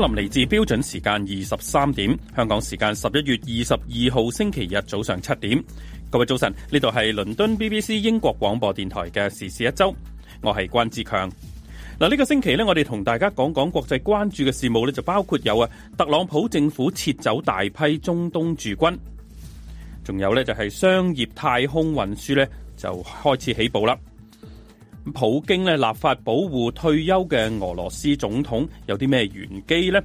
林嚟自標準時間二十三點，香港時間十一月二十二號星期日早上七點。各位早晨，呢度係倫敦 BBC 英國廣播電台嘅時事一周，我係關志強。嗱，呢個星期呢，我哋同大家講講國際關注嘅事務呢，就包括有啊，特朗普政府撤走大批中東駐軍，仲有呢就係商業太空運輸呢就開始起步啦。普京咧立法保護退休嘅俄羅斯總統有啲咩玄機咧？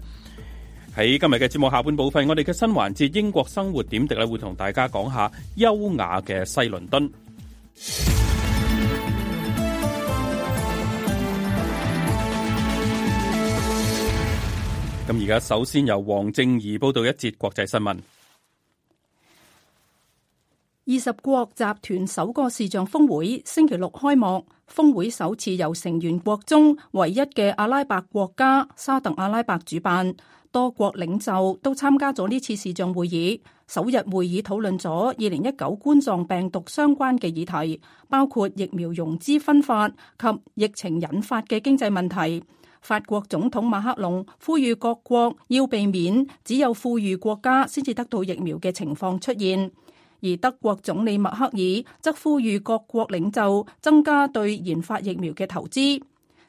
喺今日嘅節目下半部分，我哋嘅新環節《英國生活點滴》咧，會同大家講下優雅嘅西倫敦。咁而家首先由黃正怡報道一節國際新聞。二十國集團首個視像峰會星期六開幕。峰會首次由成員國中唯一嘅阿拉伯國家沙特阿拉伯主辦，多國領袖都參加咗呢次視像會議。首日會議討論咗二零一九冠狀病毒相關嘅議題，包括疫苗融資分發及疫情引發嘅經濟問題。法國總統馬克龍呼籲各國要避免只有富裕國家先至得到疫苗嘅情況出現。而德國總理默克爾則呼籲各國領袖增加對研發疫苗嘅投資，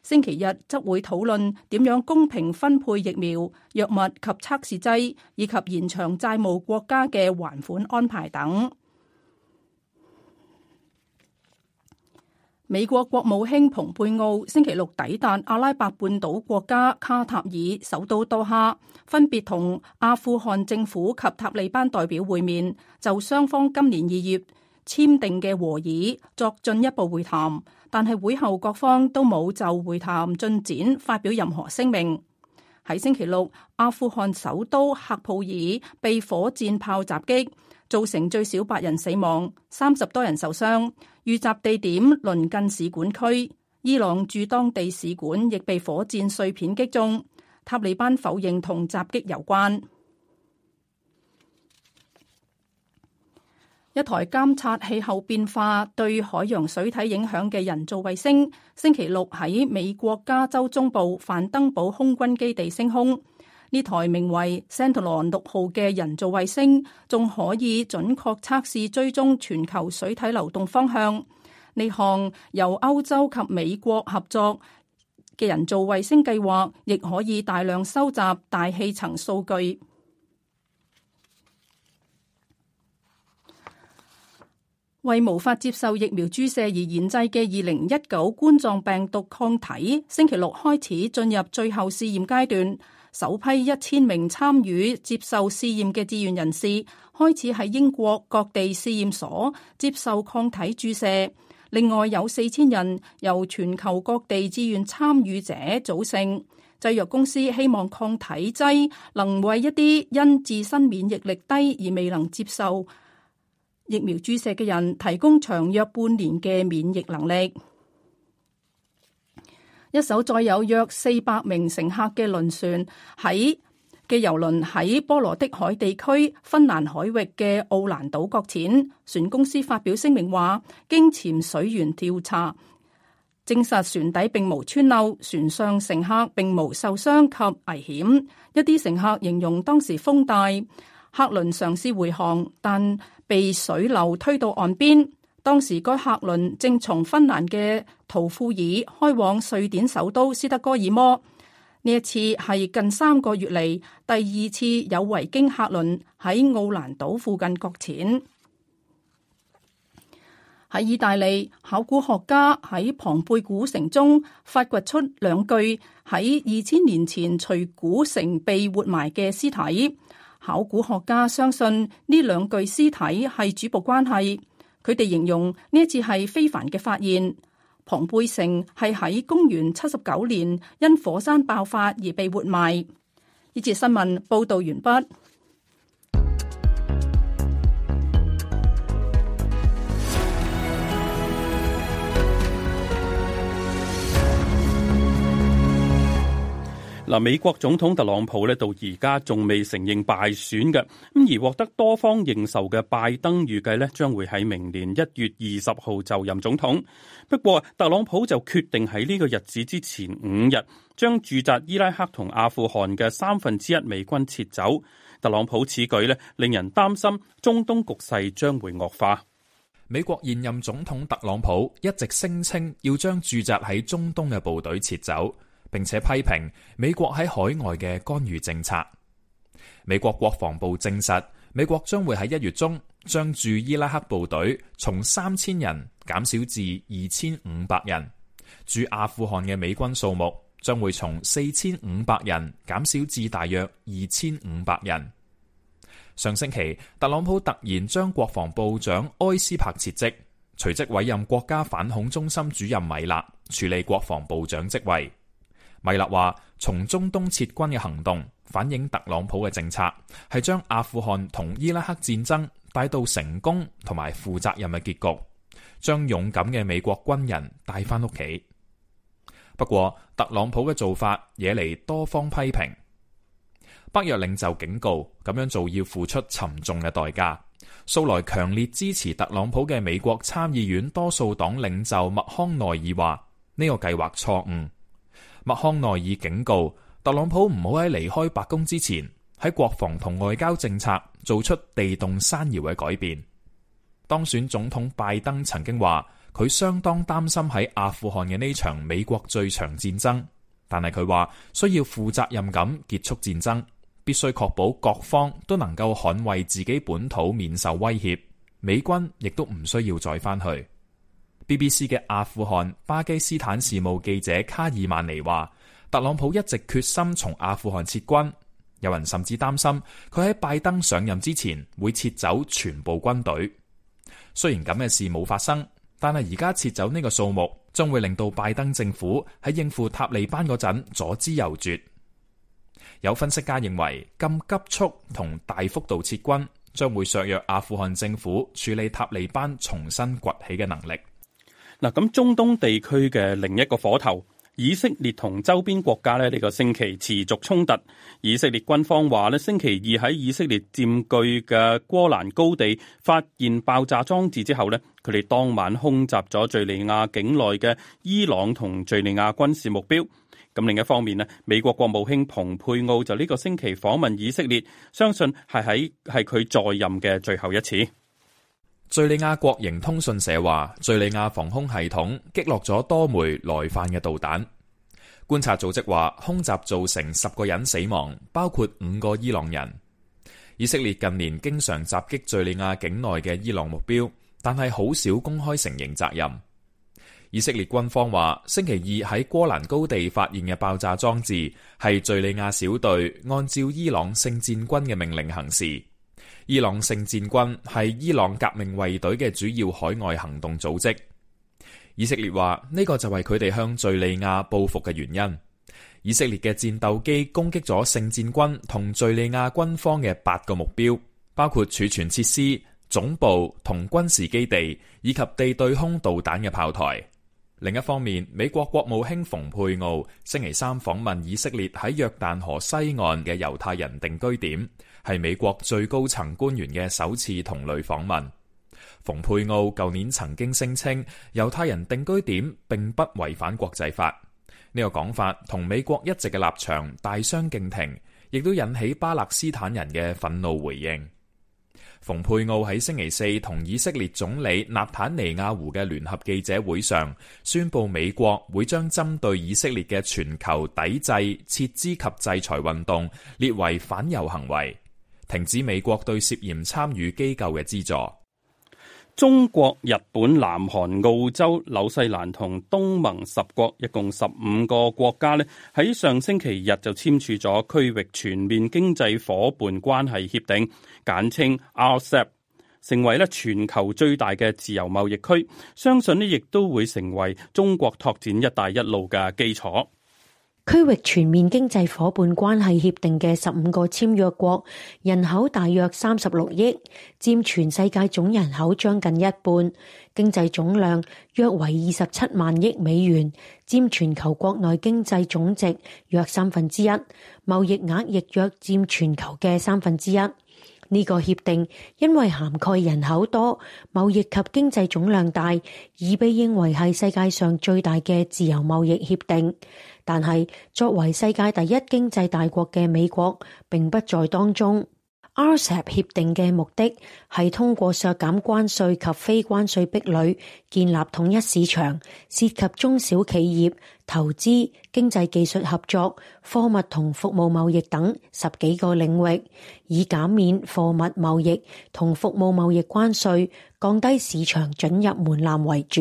星期日則會討論點樣公平分配疫苗、藥物及測試劑，以及延長債務國家嘅還款安排等。美國國務卿蓬佩奧星期六抵達阿拉伯半島國家卡塔爾首都多哈，分別同阿富汗政府及塔利班代表會面，就雙方今年二月簽訂嘅和議作進一步會談。但係會後各方都冇就會談進展發表任何聲明。喺星期六，阿富汗首都喀布爾被火箭炮襲擊。造成最少八人死亡、三十多人受傷。遇襲地點鄰近使館區，伊朗駐當地使館亦被火箭碎片擊中。塔利班否認同襲擊有關。一台監察氣候變化對海洋水體影響嘅人造衛星，星期六喺美國加州中部范登堡空軍基地升空。呢台名為 Sentinel 六號嘅人造衛星，仲可以準確測試追蹤全球水體流動方向。呢項由歐洲及美國合作嘅人造衛星計劃，亦可以大量收集大氣層數據。為無法接受疫苗注射而研製嘅二零一九冠狀病毒抗體，星期六開始進入最後試驗階段。首批一千名參與接受試驗嘅志願人士開始喺英國各地試驗所接受抗體注射，另外有四千人由全球各地志願參與者組成。製藥公司希望抗體劑能為一啲因自身免疫力低而未能接受疫苗注射嘅人提供長約半年嘅免疫能力。一艘載有約四百名乘客嘅輪船喺嘅遊輪喺波羅的海地區芬蘭海域嘅奧蘭島擱淺，船公司發表聲明話，經潛水員調查，證實船底並無穿漏，船上乘客並無受傷及危險。一啲乘客形容當時風大，客輪嘗試回航，但被水流推到岸邊。當時該客輪正從芬蘭嘅圖庫爾開往瑞典首都斯德哥爾摩。呢一次係近三個月嚟，第二次有維京客輪喺奧蘭島附近擱淺。喺意大利，考古學家喺龐貝古城中發掘出兩具喺二千年前隨古城被活埋嘅屍體。考古學家相信呢兩具屍體係主僕關係。佢哋形容呢一次係非凡嘅發現。龐貝城係喺公元七十九年因火山爆發而被活埋。呢節新聞報道完畢。嗱，美國總統特朗普呢到而家仲未承認敗選嘅，咁而獲得多方認受嘅拜登預計呢將會喺明年一月二十號就任總統。不過特朗普就決定喺呢個日子之前五日，將駐紮伊拉克同阿富汗嘅三分之一美軍撤走。特朗普此舉呢令人擔心中東局勢將會惡化。美國現任總統特朗普一直聲稱要將駐紮喺中東嘅部隊撤走。並且批評美國喺海外嘅干預政策。美國國防部證實，美國將會喺一月中將駐伊拉克部隊從三千人減少至二千五百人，駐阿富汗嘅美軍數目將會從四千五百人減少至大約二千五百人。上星期，特朗普突然將國防部長埃斯珀撤職，隨即委任國家反恐中心主任米勒處理國防部長職位。米勒話：從中東撤軍嘅行動反映特朗普嘅政策，係將阿富汗同伊拉克戰爭帶到成功同埋負責任嘅結局，將勇敢嘅美國軍人帶翻屋企。不過，特朗普嘅做法惹嚟多方批評。北約領袖警告：咁樣做要付出沉重嘅代價。素來強烈支持特朗普嘅美國參議院多數黨領袖麥康奈爾話：呢個計劃錯誤。麥康奈爾警告特朗普唔好喺離開白宮之前，喺國防同外交政策做出地動山搖嘅改變。當選總統拜登曾經話，佢相當擔心喺阿富汗嘅呢場美國最長戰爭，但係佢話需要負責任咁結束戰爭，必須確保各方都能夠捍衛自己本土免受威脅，美軍亦都唔需要再返去。BBC 嘅阿富汗、巴基斯坦事務記者卡爾曼尼話，特朗普一直決心從阿富汗撤軍，有人甚至擔心佢喺拜登上任之前會撤走全部軍隊。雖然咁嘅事冇發生，但係而家撤走呢個數目將會令到拜登政府喺應付塔利班嗰陣左支右絀。有分析家認為咁急速同大幅度撤軍將會削弱阿富汗政府處理塔利班重新崛起嘅能力。嗱，咁中東地區嘅另一個火頭，以色列同周邊國家咧，呢個星期持續衝突。以色列軍方話咧，星期二喺以色列佔據嘅戈蘭高地發現爆炸裝置之後咧，佢哋當晚空襲咗敘利亞境內嘅伊朗同敘利亞軍事目標。咁另一方面咧，美國國務卿蓬佩奧就呢個星期訪問以色列，相信係喺係佢在任嘅最後一次。敘利亞國營通訊社話，敘利亞防空系統擊落咗多枚來犯嘅導彈。觀察組織話，空襲造成十個人死亡，包括五個伊朗人。以色列近年經常襲擊敘利亞境內嘅伊朗目標，但係好少公開承認責任。以色列軍方話，星期二喺戈蘭高地發現嘅爆炸裝置係敘利亞小隊按照伊朗聖戰軍嘅命令行事。伊朗聖戰軍係伊朗革命衛隊嘅主要海外行動組織。以色列話呢個就係佢哋向敘利亞報復嘅原因。以色列嘅戰鬥機攻擊咗聖戰軍同敘利亞軍方嘅八個目標，包括儲存設施、總部同軍事基地以及地對空導彈嘅炮台。另一方面，美國國務卿蓬佩奧星期三訪問以色列喺約旦河西岸嘅猶太人定居點係美國最高層官員嘅首次同類訪問。蓬佩奧舊年曾經聲稱猶太人定居點並不違反國際法，呢個講法同美國一直嘅立場大相徑庭，亦都引起巴勒斯坦人嘅憤怒回應。蓬佩奧喺星期四同以色列總理納坦尼亞胡嘅聯合記者會上宣布，美國會將針對以色列嘅全球抵制、撤資及制裁運動列為反猶行為。停止美國對涉嫌參與機構嘅資助。中國、日本、南韓、澳洲、紐西蘭同東盟十國一共十五個國家咧，喺上星期日就簽署咗區域全面經濟夥伴關係協定，簡稱 RCEP，成為咧全球最大嘅自由貿易區。相信咧，亦都會成為中國拓展「一帶一路」嘅基礎。區域全面經濟夥伴關係協定嘅十五個簽約國人口大約三十六億，佔全世界總人口將近一半，經濟總量約為二十七萬億美元，佔全球國內經濟總值約三分之一，貿易額亦約佔全球嘅三分之一。呢個協定因為涵蓋人口多、貿易及經濟總量大，已被認為係世界上最大嘅自由貿易協定。但係，作為世界第一經濟大國嘅美國，並不在當中。RCEP 協定嘅目的係通過削減關稅及非關稅壁壘，建立統一市場，涉及中小企業、投資、經濟技術合作、貨物同服務貿易等十幾個領域，以減免貨物貿易同服務貿易關稅、降低市場准入門檻為主。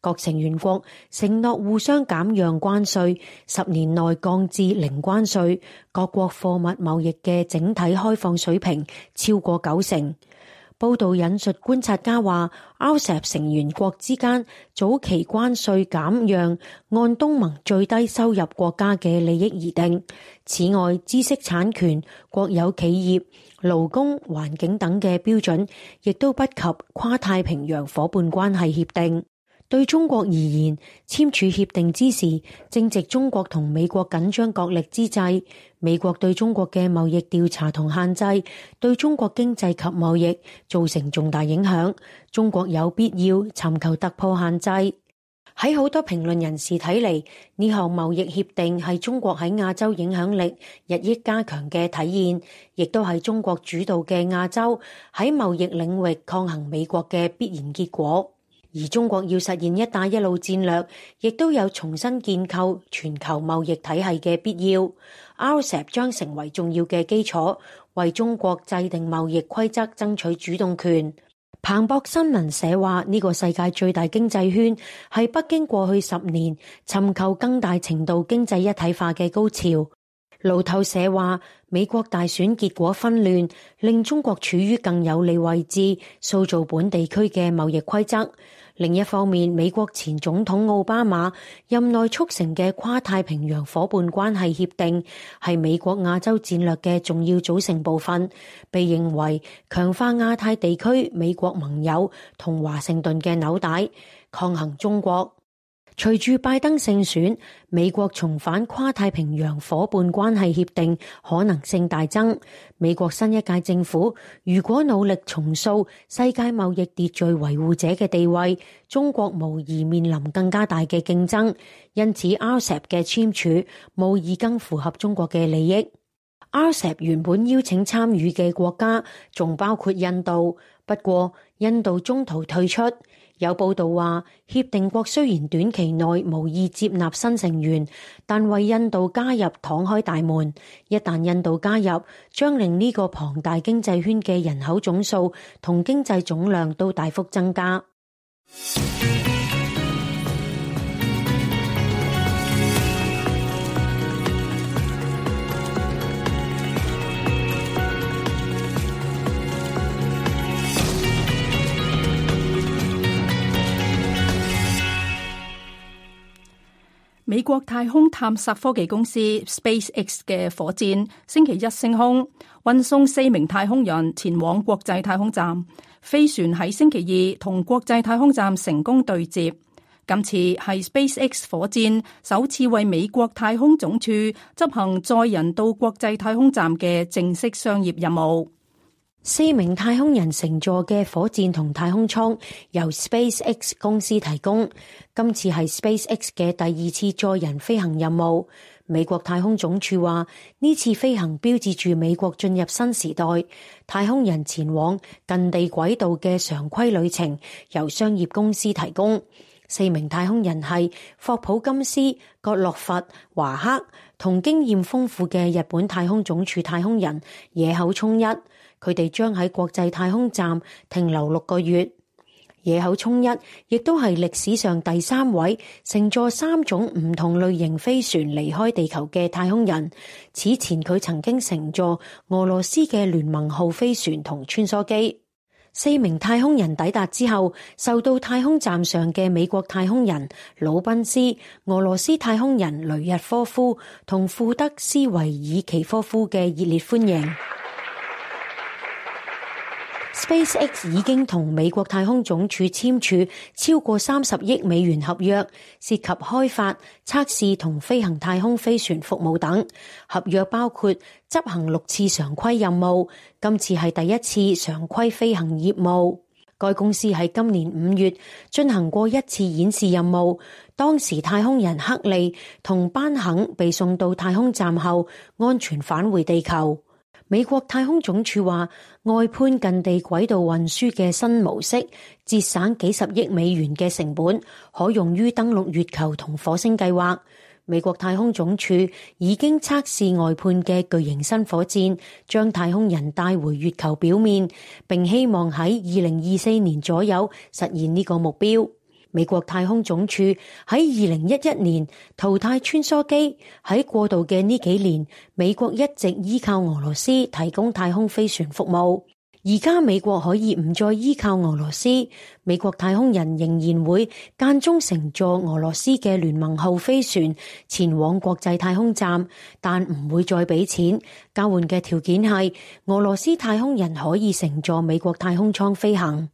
各成員國承諾互相減讓關稅，十年內降至零關稅。各國貨物貿易嘅整體開放水平超過九成。報道引述觀察家話，RCEP 成員國之間早期關稅減讓按東盟最低收入國家嘅利益而定。此外，知識產權、國有企業、勞工、環境等嘅標準，亦都不及跨太平洋夥伴關係協定。對中國而言，簽署協定之時，正值中國同美國緊張角力之際。美國對中國嘅貿易調查同限制，對中國經濟及貿易造成重大影響。中國有必要尋求突破限制。喺好多評論人士睇嚟，呢項貿易協定係中國喺亞洲影響力日益加強嘅體現，亦都係中國主導嘅亞洲喺貿易領域抗衡美國嘅必然結果。而中國要實現“一帶一路”戰略，亦都有重新建構全球貿易體系嘅必要。RCEP 將成為重要嘅基礎，為中國制定貿易規則爭取主動權。彭博新聞社話：呢個世界最大經濟圈係北京過去十年尋求更大程度經濟一體化嘅高潮。路透社話：美國大選結果紛亂，令中國處於更有利位置，塑造本地區嘅貿易規則。另一方面，美國前總統奧巴馬任內促成嘅跨太平洋伙伴關係協定，係美國亞洲戰略嘅重要組成部分，被認為強化亞太地區美國盟友同華盛頓嘅紐帶，抗衡中國。隨住拜登勝選，美國重返跨太平洋伙伴關係協定可能性大增。美國新一屆政府如果努力重塑世界貿易秩序維護者嘅地位，中國無疑面臨更加大嘅競爭。因此，RCEP 嘅簽署無疑更符合中國嘅利益。RCEP 原本邀請參與嘅國家仲包括印度，不過印度中途退出。有報道話，協定國雖然短期內無意接納新成員，但為印度加入敞開大門。一旦印度加入，將令呢個龐大經濟圈嘅人口總數同經濟總量都大幅增加。美國太空探索科技公司 SpaceX 嘅火箭星期一升空，運送四名太空人前往國際太空站。飛船喺星期二同國際太空站成功對接。今次係 SpaceX 火箭首次為美國太空總署執行載人到國際太空站嘅正式商業任務。四名太空人乘坐嘅火箭同太空艙由 SpaceX 公司提供。今次係 SpaceX 嘅第二次載人飛行任務。美國太空總署話呢次飛行標誌住美國進入新時代。太空人前往近地軌道嘅常規旅程由商業公司提供。四名太空人係霍普金斯、葛洛佛、華克同經驗豐富嘅日本太空總署太空人野口聰一。佢哋將喺國際太空站停留六個月。野口聰一亦都係歷史上第三位乘坐三種唔同類型飛船離開地球嘅太空人。此前佢曾經乘坐俄羅斯嘅聯盟號飛船同穿梭機。四名太空人抵達之後，受到太空站上嘅美國太空人魯賓斯、俄羅斯太空人雷日科夫同庫德斯維爾奇科夫嘅熱烈歡迎。SpaceX 已經同美國太空總署簽署超過三十億美元合約，涉及開發、測試同飛行太空飛船服務等。合約包括執行六次常規任務，今次係第一次常規飛行業務。該公司喺今年五月進行過一次演示任務，當時太空人克利同班肯被送到太空站後，安全返回地球。美國太空總署話，外判近地軌道運輸嘅新模式，節省幾十億美元嘅成本，可用於登陸月球同火星計劃。美國太空總署已經測試外判嘅巨型新火箭，將太空人帶回月球表面，並希望喺二零二四年左右實現呢個目標。美國太空總署喺二零一一年淘汰穿梭機，喺過渡嘅呢幾年，美國一直依靠俄羅斯提供太空飛船服務。而家美國可以唔再依靠俄羅斯，美國太空人仍然會間中乘坐俄羅斯嘅聯盟號飛船前往國際太空站，但唔會再俾錢。交換嘅條件係俄羅斯太空人可以乘坐美國太空艙飛行。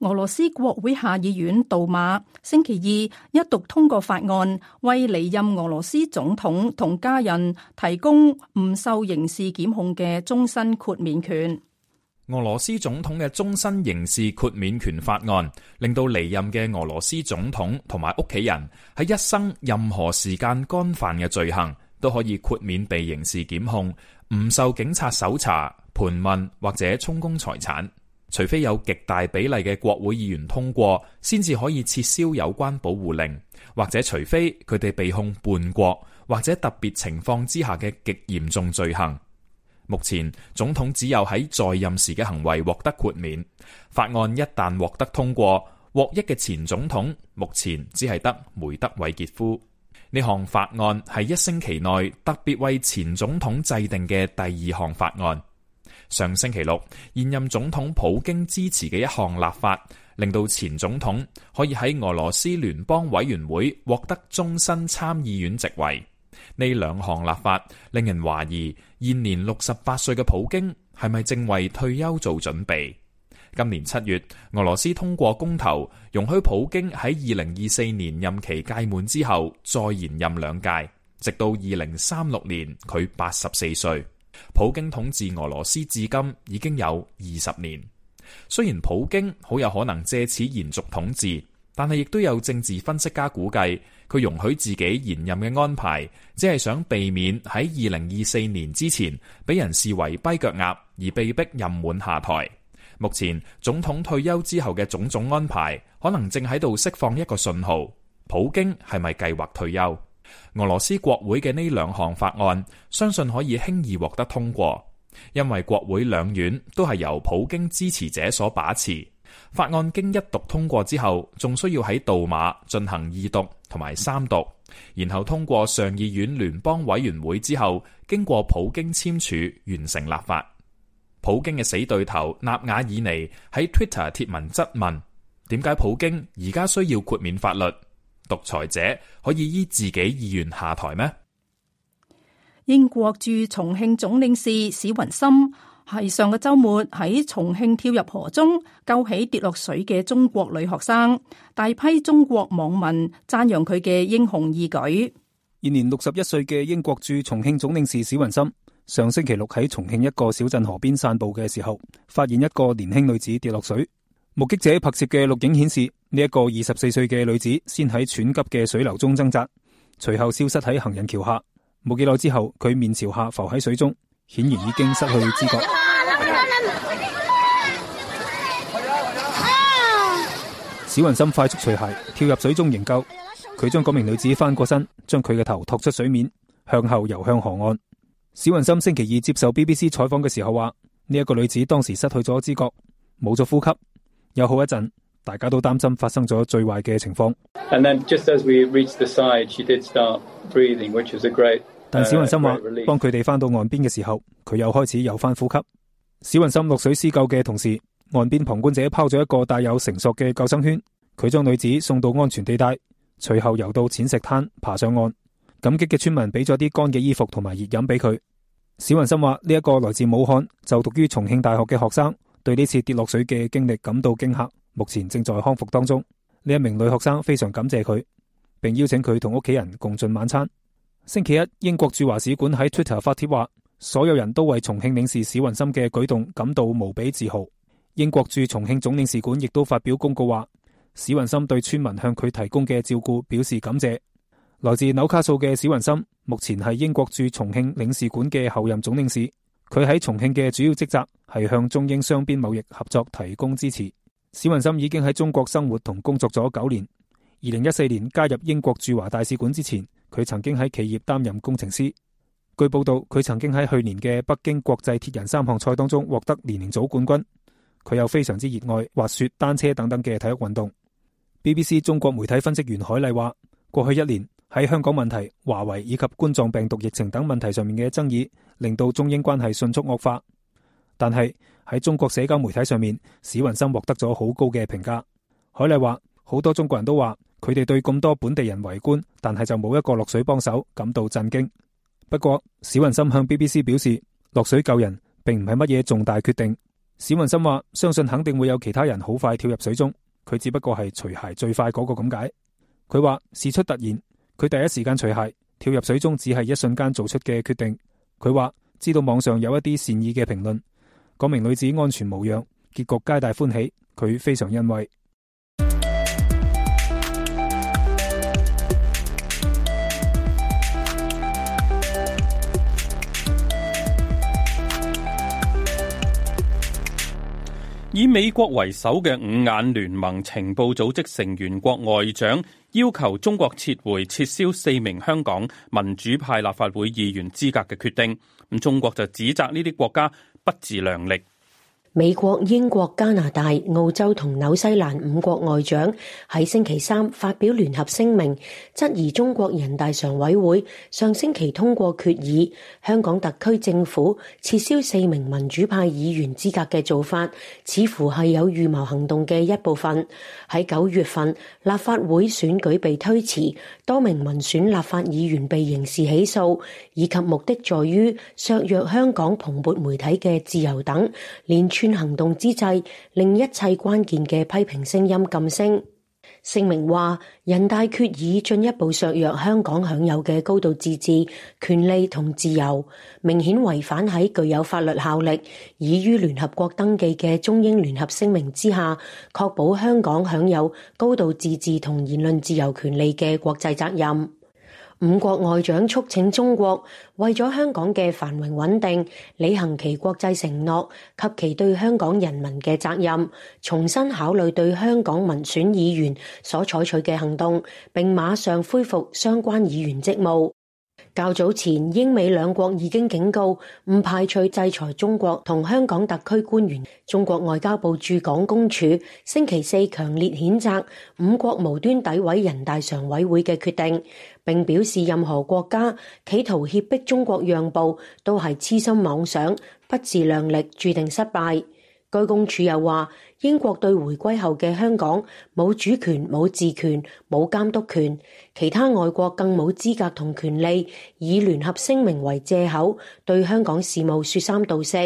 俄羅斯國會下議院杜馬星期二一讀通過法案，為離任俄羅斯總統同家人提供唔受刑事檢控嘅終身豁免權。俄羅斯總統嘅終身刑事豁免權法案，令到離任嘅俄羅斯總統同埋屋企人喺一生任何時間干犯嘅罪行，都可以豁免被刑事檢控，唔受警察搜查、盤問或者充公財產。除非有極大比例嘅國會議員通過，先至可以撤銷有關保護令，或者除非佢哋被控叛國，或者特別情況之下嘅極嚴重罪行。目前總統只有喺在，在任時嘅行為獲得豁免。法案一旦獲得通過，獲益嘅前總統目前只係得梅德韋傑夫。呢項法案係一星期內特別為前總統制定嘅第二項法案。上星期六，現任總統普京支持嘅一項立法，令到前總統可以喺俄羅斯聯邦委員會獲得終身參議院席位。呢兩項立法令人懷疑，現年六十八歲嘅普京係咪正為退休做準備？今年七月，俄羅斯通過公投容許普京喺二零二四年任期屆滿之後再延任兩屆，直到二零三六年，佢八十四歲。普京統治俄羅斯至今已經有二十年，雖然普京好有可能借此延續統治，但係亦都有政治分析家估計，佢容許自己連任嘅安排，只係想避免喺二零二四年之前，俾人視為跛腳鴨而被迫任滿下台。目前總統退休之後嘅種種安排，可能正喺度釋放一個信號：普京係咪計劃退休？俄羅斯國會嘅呢兩項法案，相信可以輕易獲得通過，因為國會兩院都係由普京支持者所把持。法案經一讀通過之後，仲需要喺杜馬進行二讀同埋三讀，然後通過上議院聯邦委員會之後，經過普京簽署完成立法。普京嘅死對頭納瓦爾尼喺 Twitter 貼文質問：點解普京而家需要豁免法律？獨裁者可以依自己意願下台咩？英國駐重慶總領事史雲森係上個周末喺重慶跳入河中救起跌落水嘅中國女學生，大批中國網民讚揚佢嘅英雄義舉。現年六十一歲嘅英國駐重慶總領事史雲森，上星期六喺重慶一個小鎮河邊散步嘅時候，發現一個年輕女子跌落水。目擊者拍攝嘅錄影顯示。呢一個二十四歲嘅女子先喺湍急嘅水流中掙扎，隨後消失喺行人橋下。冇幾耐之後，佢面朝下浮喺水中，顯然已經失去知覺。啊啊啊啊、小云心快速除鞋，跳入水中營救佢。將嗰名女子翻過身，將佢嘅頭托出水面，向後游向河岸。小云心星期二接受 BBC 採訪嘅時候話：，呢、這、一個女子當時失去咗知覺，冇咗呼吸，有好一陣。大家都擔心發生咗最壞嘅情況。Then, side, great, uh, 但小云心話，幫佢哋返到岸邊嘅時候，佢又開始有翻呼吸。小云心落水施救嘅同時，岸邊旁觀者拋咗一個帶有繩索嘅救生圈，佢將女子送到安全地帶，隨後游到淺石灘，爬上岸。感激嘅村民俾咗啲乾嘅衣服同埋熱飲俾佢。小云心話，呢、這、一個來自武漢，就讀於重慶大學嘅學生，對呢次跌落水嘅經歷感到驚吓。目前正在康復當中。呢一名女學生非常感謝佢，並邀請佢同屋企人共進晚餐。星期一，英國駐華使館喺 Twitter 發帖話，所有人都為重慶領事史雲森嘅舉動感到無比自豪。英國駐重慶總領事館亦都發表公告話，史雲森對村民向佢提供嘅照顧表示感謝。來自紐卡素嘅史雲森目前係英國駐重慶領事館嘅候任總領事。佢喺重慶嘅主要職責係向中英雙邊貿易合作提供支持。史雲森已經喺中國生活同工作咗九年。二零一四年加入英國駐華大使館之前，佢曾經喺企業擔任工程師。據報道，佢曾經喺去年嘅北京國際鐵人三項賽當中獲得年齡組冠軍。佢又非常之熱愛滑雪、單車等等嘅體育運動。BBC 中國媒體分析員海麗話，過去一年喺香港問題、華為以及冠狀病毒疫情等問題上面嘅爭議，令到中英關係迅速惡化。但係喺中國社交媒體上面，史雲森獲得咗好高嘅評價。海麗話，好多中國人都話佢哋對咁多本地人圍觀，但係就冇一個落水幫手感到震驚。不過，史雲森向 BBC 表示，落水救人並唔係乜嘢重大決定。史雲森話，相信肯定會有其他人好快跳入水中，佢只不過係除鞋最快嗰個咁解。佢話事出突然，佢第一時間除鞋跳入水中，只係一瞬間做出嘅決定。佢話知道網上有一啲善意嘅評論。嗰名女子安全無恙，結局皆大歡喜。佢非常欣慰。以美國為首嘅五眼聯盟情報組織成員國外長要求中國撤回撤銷四名香港民主派立法會議員資格嘅決定，咁中國就指責呢啲國家不自量力。美國、英國、加拿大、澳洲同紐西蘭五國外長喺星期三發表聯合聲明，質疑中國人大常委會上星期通過決議，香港特區政府撤銷四名民主派議員資格嘅做法，似乎係有預謀行動嘅一部分。喺九月份，立法會選舉被推遲，多名民選立法議員被刑事起訴，以及目的在於削弱香港蓬勃媒體嘅自由等，連行動之際，令一切關鍵嘅批評聲音噤聲。聲明話，人大決議進一步削弱香港享有嘅高度自治、權利同自由，明顯違反喺具有法律效力、已於聯合國登記嘅中英聯合聲明之下，確保香港享有高度自治同言論自由權利嘅國際責任。五國外長促請中國為咗香港嘅繁榮穩定，履行其國際承諾及其對香港人民嘅責任，重新考慮對香港民選議員所採取嘅行動，並馬上恢復相關議員職務。較早前，英美兩國已經警告唔排除制裁中國同香港特區官員。中國外交部駐港公署星期四強烈譴責五國無端詆毀人大常委會嘅決定。並表示任何國家企圖脅迫中國讓步，都係痴心妄想，不自量力，注定失敗。該公署又話，英國對回歸後嘅香港冇主權、冇治權、冇監督權，其他外國更冇資格同權利，以聯合聲明為藉口，對香港事務説三道四。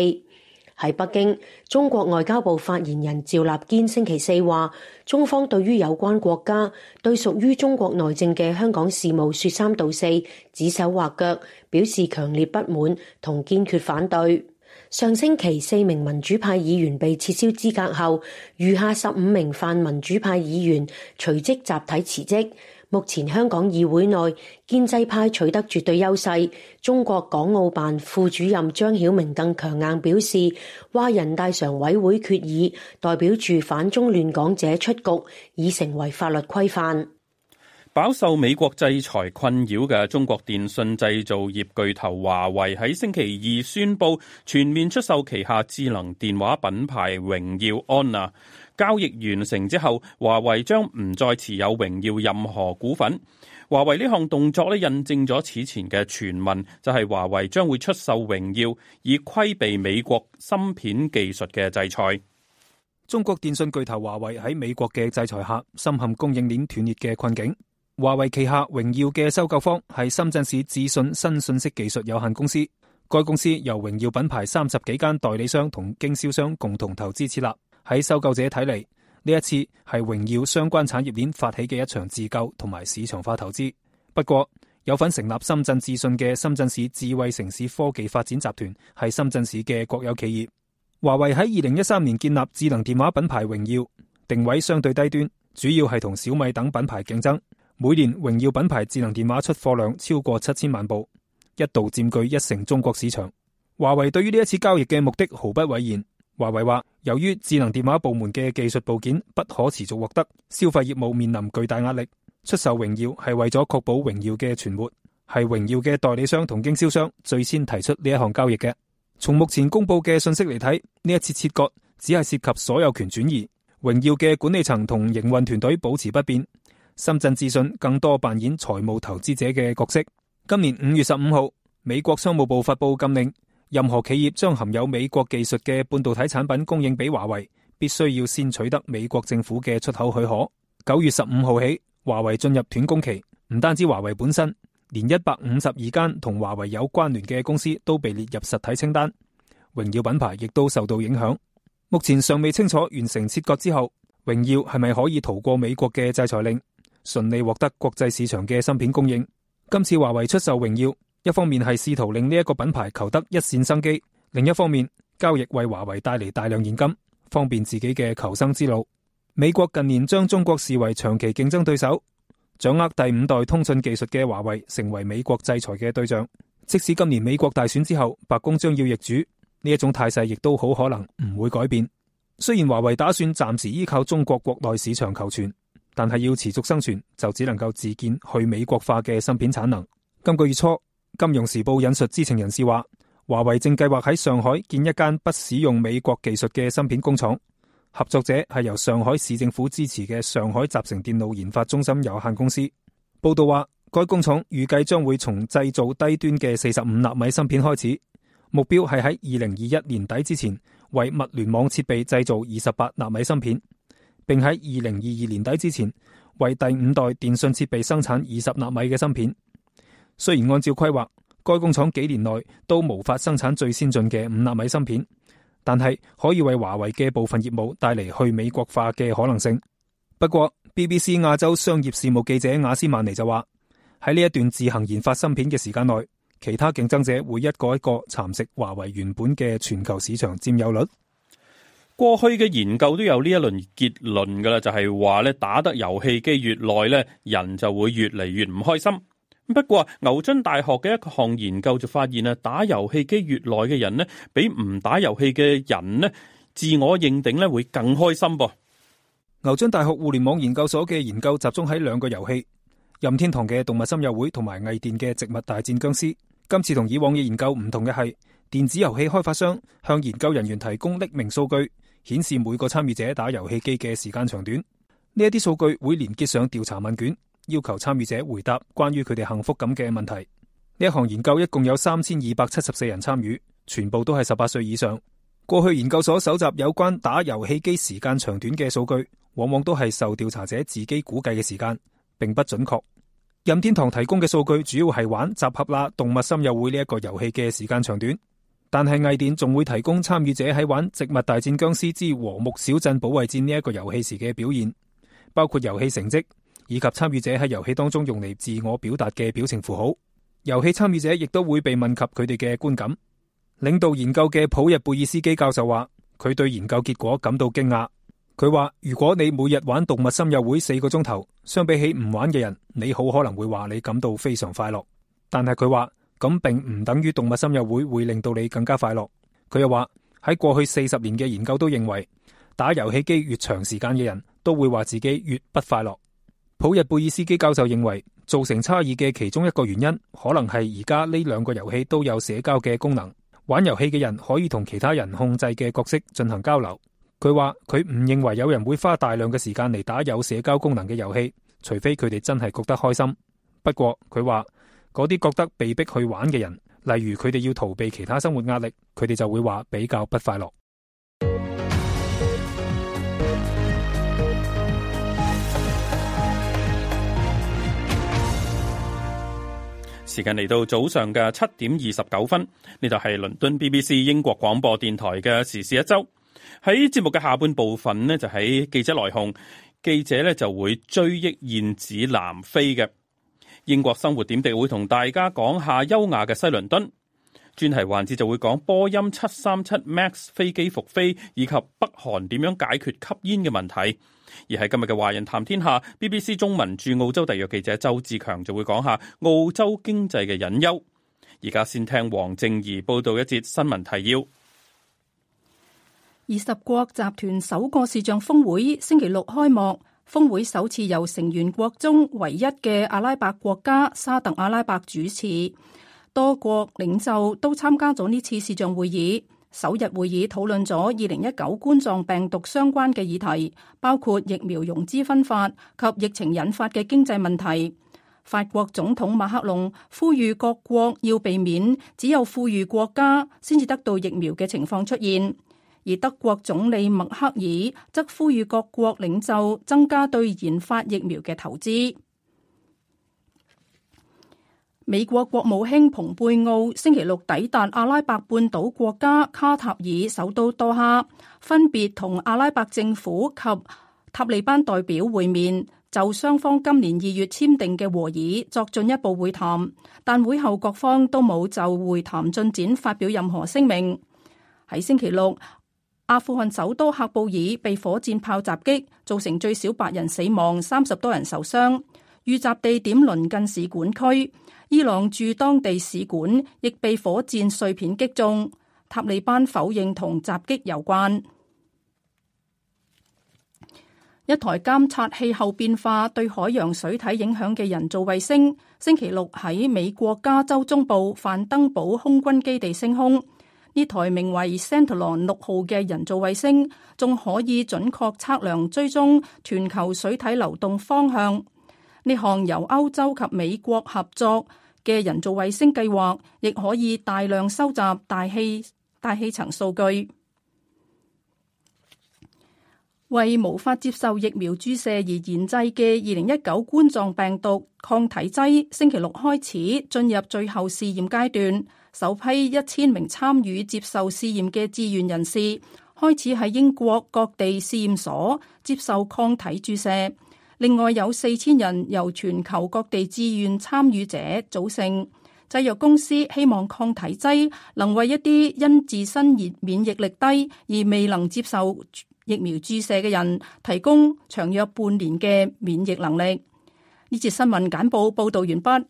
喺北京，中國外交部發言人趙立堅星期四話：中方對於有關國家對屬於中國內政嘅香港事務説三道四、指手畫腳，表示強烈不滿同堅決反對。上星期四名民主派議員被撤銷資格後，餘下十五名泛民主派議員隨即集體辭職。目前香港議會內建制派取得絕對優勢。中國港澳辦副主任張曉明更強硬表示，話人大常委會決議代表住反中亂港者出局，已成為法律規範。飽受美國制裁困擾嘅中國電信製造業巨頭華為喺星期二宣布全面出售旗下智能電話品牌榮耀安娜。交易完成之後，華為將唔再持有榮耀任何股份。華為呢項動作咧，印證咗此前嘅傳聞，就係華為將會出售榮耀，以規避美國芯片技術嘅制裁。中國電信巨頭華為喺美國嘅制裁下，深陷供應鏈斷裂嘅困境。華為旗下榮耀嘅收購方係深圳市智信新信息技術有限公司，該公司由榮耀品牌三十幾間代理商同經銷商共同投資設立。喺收購者睇嚟，呢一次係榮耀相關產業鏈發起嘅一場自救同埋市場化投資。不過，有份成立深圳智信嘅深圳市智慧城市科技發展集團係深圳市嘅國有企業。華為喺二零一三年建立智能電話品牌榮耀，定位相對低端，主要係同小米等品牌競爭。每年榮耀品牌智能電話出貨量超過七千萬部，一度佔據一成中國市場。華為對於呢一次交易嘅目的毫不諱言，華為話。由於智能電話部門嘅技術部件不可持續獲得，消費業務面臨巨大壓力。出售榮耀係為咗確保榮耀嘅存活，係榮耀嘅代理商同經銷商最先提出呢一項交易嘅。從目前公布嘅信息嚟睇，呢一次切割只係涉及所有權轉移，榮耀嘅管理層同營運團隊保持不變。深圳智信更多扮演財務投資者嘅角色。今年五月十五號，美國商務部發布禁令。任何企業將含有美國技術嘅半導體產品供應俾華為，必須要先取得美國政府嘅出口許可。九月十五號起，華為進入斷供期，唔單止華為本身，連一百五十二間同華為有關聯嘅公司都被列入實體清單。榮耀品牌亦都受到影響。目前尚未清楚完成切割之後，榮耀係咪可以逃過美國嘅制裁令，順利獲得國際市場嘅芯片供應。今次華為出售榮耀，一方面係試圖令呢一個品牌求得一線生機，另一方面交易為華為帶嚟大量現金，方便自己嘅求生之路。美國近年將中國視為長期競爭對手，掌握第五代通訊技術嘅華為成為美國制裁嘅對象。即使今年美國大選之後，白宮將要易主，呢一種態勢亦都好可能唔會改變。雖然華為打算暫時依靠中國國內市場求存，但係要持續生存就只能夠自建去美國化嘅芯片產能。今個月初。金融時報引述知情人士話，華為正計劃喺上海建一間不使用美國技術嘅芯片工廠，合作者係由上海市政府支持嘅上海集成電路研發中心有限公司。報道話，該工廠預計將會從製造低端嘅四十五納米芯片開始，目標係喺二零二一年底之前為物聯網設備製造二十八納米芯片，並喺二零二二年底之前為第五代電信設備生產二十納米嘅芯片。雖然按照規劃，該工廠幾年內都無法生產最先進嘅五納米芯片，但係可以為華為嘅部分業務帶嚟去美國化嘅可能性。不過 BBC 亞洲商業事務記者雅斯曼尼就話：喺呢一段自行研發芯片嘅時間內，其他競爭者會一個一個蠶食華為原本嘅全球市場佔有率。過去嘅研究都有呢一輪結論噶啦，就係話咧打得遊戲機越耐咧，人就會越嚟越唔開心。不過牛津大學嘅一項研究就發現啊，打遊戲機越耐嘅人呢，比唔打遊戲嘅人呢，自我認定呢會更開心啊。噃，牛津大學互聯網研究所嘅研究集中喺兩個遊戲：任天堂嘅動物森友會同埋藝電嘅植物大戰僵屍。今次同以往嘅研究唔同嘅係，電子遊戲開發商向研究人員提供匿名數據，顯示每個參與者打遊戲機嘅時間長短。呢一啲數據會連結上調查問卷。要求參與者回答關於佢哋幸福感嘅問題。呢一項研究一共有三千二百七十四人參與，全部都係十八歲以上。過去研究所蒐集有關打遊戲機時間長短嘅數據，往往都係受調查者自己估計嘅時間，並不準確。任天堂提供嘅數據主要係玩集合啦、動物森友會呢一個遊戲嘅時間長短，但係藝電仲會提供參與者喺玩《植物大戰僵屍之和睦小鎮保衛戰》呢一個遊戲時嘅表現，包括遊戲成績。以及參與者喺遊戲當中用嚟自我表達嘅表情符號。遊戲參與者亦都會被問及佢哋嘅觀感。領導研究嘅普日貝爾斯基教授話，佢對研究結果感到驚訝。佢話，如果你每日玩動物森友會四個鐘頭，相比起唔玩嘅人，你好可能會話你感到非常快樂。但係佢話咁並唔等於動物森友會會令到你更加快樂。佢又話喺過去四十年嘅研究都認為，打遊戲機越長時間嘅人都會話自己越不快樂。普日貝爾斯基教授認為，造成差異嘅其中一個原因，可能係而家呢兩個遊戲都有社交嘅功能，玩遊戲嘅人可以同其他人控制嘅角色進行交流。佢話佢唔認為有人會花大量嘅時間嚟打有社交功能嘅遊戲，除非佢哋真係覺得開心。不過佢話，嗰啲覺得被逼去玩嘅人，例如佢哋要逃避其他生活壓力，佢哋就會話比較不快樂。時間嚟到早上嘅七點二十九分，呢度係倫敦 BBC 英國廣播電台嘅時事一周。喺節目嘅下半部分呢，就喺記者來鴻，記者呢就會追憶燕子南飛嘅。英國生活點滴會同大家講下優雅嘅西倫敦。專題環節就會講波音七三七 Max 飛機復飛，以及北韓點樣解決吸煙嘅問題。而喺今日嘅華人談天下，BBC 中文駐澳洲特約記者周志強就會講下澳洲經濟嘅隱憂。而家先聽黃靜怡報道一節新聞提要。二十國集團首個視像峰會星期六開幕，峰會首次由成員國中唯一嘅阿拉伯國家沙特阿拉伯主持，多國領袖都參加咗呢次視像會議。首日會議討論咗二零一九冠狀病毒相關嘅議題，包括疫苗融資分發及疫情引發嘅經濟問題。法國總統馬克龍呼籲各國要避免只有富裕國家先至得到疫苗嘅情況出現，而德國總理默克爾則呼籲各國領袖增加對研發疫苗嘅投資。美國國務卿蓬佩奧星期六抵達阿拉伯半島國家卡塔爾首都多哈，分別同阿拉伯政府及塔利班代表會面，就雙方今年二月簽訂嘅和議作進一步會談。但會後各方都冇就會談進展發表任何聲明。喺星期六，阿富汗首都喀布爾被火箭炮襲擊，造成最少八人死亡、三十多人受傷，遇襲地點鄰近使館區。伊朗駐當地使館亦被火箭碎片擊中，塔利班否認同襲擊有關。一台監測氣候變化對海洋水體影響嘅人造衛星，星期六喺美國加州中部范登堡空軍基地升空。呢台名為 Sentinel 六號嘅人造衛星，仲可以準確測量追蹤全球水體流動方向。呢項由歐洲及美國合作嘅人造衛星計劃，亦可以大量收集大氣大氣層數據。為無法接受疫苗注射而研製嘅二零一九冠狀病毒抗體劑，星期六開始進入最後試驗階段。首批一千名參與接受試驗嘅志願人士，開始喺英國各地試驗所接受抗體注射。另外有四千人由全球各地志願參與者組成，製藥公司希望抗體劑能為一啲因自身熱免疫力低而未能接受疫苗注射嘅人提供長約半年嘅免疫能力。呢節新聞簡報報道完畢。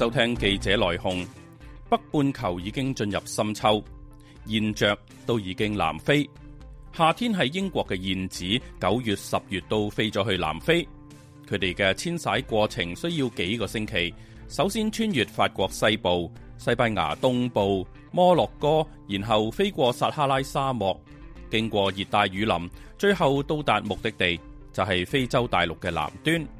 收聽記者來鴻。北半球已經進入深秋，燕雀都已經南飛。夏天係英國嘅燕子，九月、十月都飛咗去南非。佢哋嘅遷徙過程需要幾個星期。首先穿越法國西部、西班牙東部、摩洛哥，然後飛過撒哈拉沙漠，經過熱帶雨林，最後到達目的地就係、是、非洲大陸嘅南端。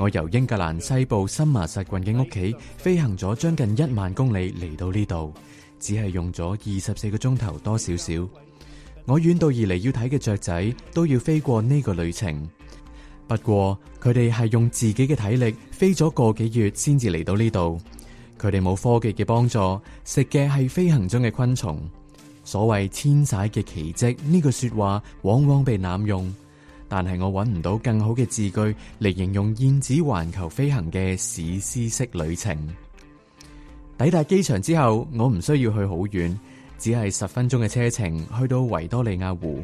我由英格蘭西部森麻實郡嘅屋企飛行咗將近一萬公里嚟到呢度，只係用咗二十四個鐘頭多少少。我遠道而嚟要睇嘅雀仔都要飛過呢個旅程。不過佢哋係用自己嘅體力飛咗個幾月先至嚟到呢度。佢哋冇科技嘅幫助，食嘅係飛行中嘅昆蟲。所謂千載嘅奇跡呢句說話，往往被濫用。但係我揾唔到更好嘅字句嚟形容燕子環球飛行嘅史詩式旅程。抵達機場之後，我唔需要去好遠，只係十分鐘嘅車程去到維多利亞湖。